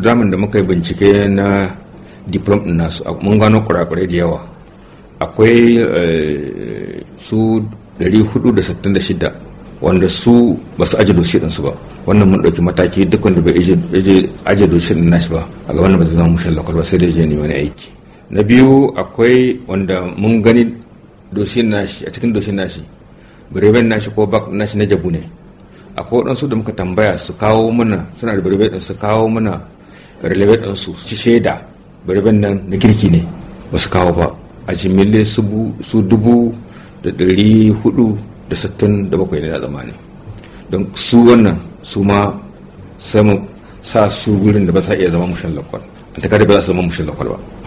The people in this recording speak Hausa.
zamun da muka yi bincike na diplom din nasu mun gano kurakurai da yawa akwai eh, su 466 wanda su ba su aje doshi ɗinsu ba wannan mun ɗauki mataki duk wanda bai aje doshi ɗin nasu ba a gaban ba zai zama mushin lakwal ba sai da je neman aiki na biyu akwai wanda mun gani doshi nashi a cikin doshi nashi bireben nashi ko bak nashi na jabu ne akwai waɗansu da muka tambaya su kawo mana suna da birebe su kawo mana relevé ɗansu ci shaida birbin nan na kirki ne ba su kawo ba a jimille su dubu da ɗari hudu da sittin da bakwai ne da zamani don su wannan su ma sa su gurin da ba sa iya zama mushin lakwal an takardar ba za su zama mushin lakwal ba